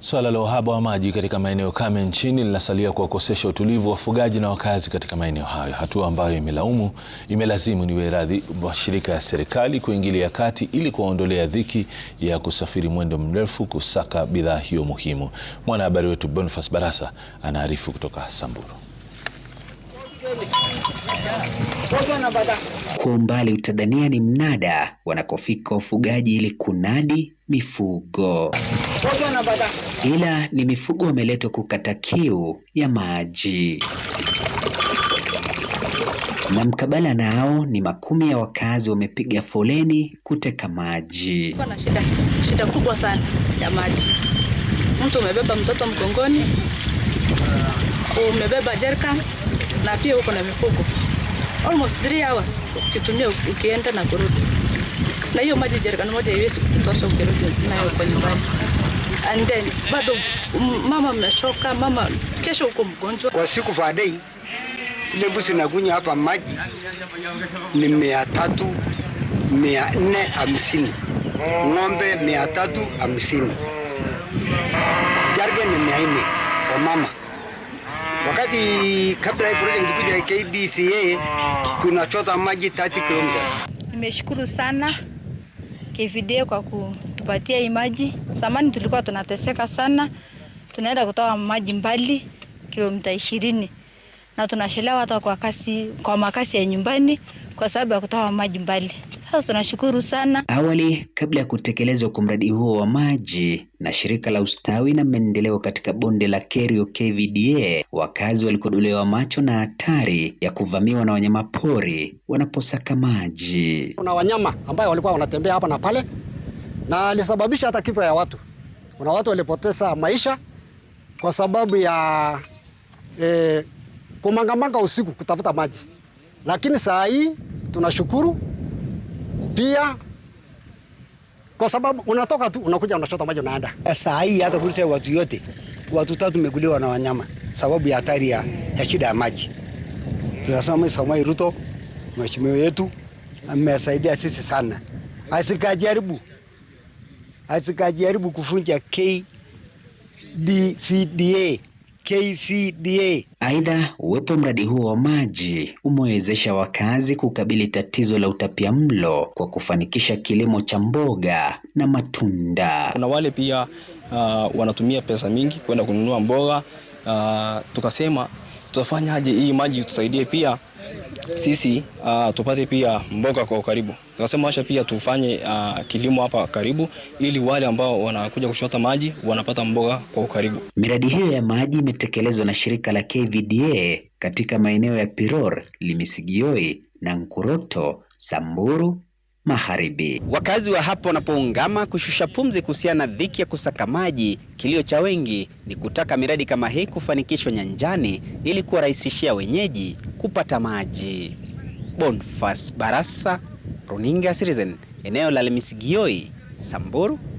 Swala la uhaba wa maji katika maeneo kame nchini linasalia kuwakosesha utulivu wafugaji na wakazi katika maeneo hayo, hatua ambayo imelaumu imelazimu niwe radhi mashirika ya serikali kuingilia kati ili kuwaondolea dhiki ya kusafiri mwendo mrefu kusaka bidhaa hiyo muhimu. Mwanahabari wetu Boniface Barasa anaarifu kutoka Samburu. Kwa umbali utadhania ni mnada wanakofika wafugaji ili kunadi mifugo, ila ni mifugo wameletwa kukata kiu ya maji, na mkabala nao ni makumi ya wakazi wamepiga foleni kuteka maji. Kuna shida, shida kubwa sana ya maji. Mtu umebeba mtoto mgongoni, umebeba jerka na pia uko na mifugo, almost 3 hours ukitumia ukienda na kurudi na hiyo maji jerikani moja haiwezi kutosha ukirudi nayo kwa nyumbani. And then bado mama mmechoka, mama kesho uko mgonjwa. Kwa siku day ile mbuzi nakunya hapa maji ni mia tatu mia nne hamsini ng'ombe mia tatu hamsini jarge ni mia nne kwa mama. Wakati kabla ya project kuja KDCA tunachota maji 30 kilometers nimeshukuru sana kivideo kwa kutupatia hii maji. Zamani tulikuwa tunateseka sana, tunaenda kutoa maji mbali kilomita ishirini na tunashelewa hata kwa kasi, kwa makasi ya nyumbani kwa sababu ya kutoa maji mbali. Sasa tunashukuru sana. Awali, kabla ya kutekelezwa kwa mradi huo wa maji na shirika la ustawi na maendeleo katika bonde la Kerio KVDA, wakazi walikodolewa macho na hatari ya kuvamiwa na wanyama pori wanaposaka maji. Kuna wanyama ambayo walikuwa wanatembea hapa na pale, na alisababisha hata kifo ya watu. Kuna watu walipoteza maisha kwa sababu ya eh, kumangamanga usiku kutafuta maji, lakini saa hii tunashukuru pia kwa sababu unatoka tu unakuja unachota maji unaenda. Eh, saa hii hata kulisha watu yote watu tatu tumekuliwa na wanyama sababu ya hatari ya, ya shida ya maji. Tunasema Samwai Ruto mheshimiwa yetu amesaidia sisi sana, asikajaribu asikajaribu kufunja KDVDA KVDA. Aidha, uwepo mradi huo wa maji umewezesha wakazi kukabili tatizo la utapia mlo kwa kufanikisha kilimo cha mboga na matunda. Kuna wale pia uh, wanatumia pesa mingi kwenda kununua mboga uh, tukasema tutafanya aje hii maji tusaidie pia sisi uh, tupate pia mboga kwa ukaribu. Tunasema washa pia tufanye uh, kilimo hapa karibu, ili wale ambao wanakuja kuchota maji wanapata mboga kwa ukaribu. Miradi hiyo ya maji imetekelezwa na shirika la KVDA katika maeneo ya Piror, Limisigioi na Nkuroto, Samburu Magharibi. Wakazi wa hapo wanapoungama kushusha pumzi kuhusiana na dhiki ya kusaka maji, kilio cha wengi ni kutaka miradi kama hii kufanikishwa nyanjani ili kuwarahisishia wenyeji kupata maji. Bonfas Barasa, Runinga Citizen, eneo la Lemisigioi, Samburu.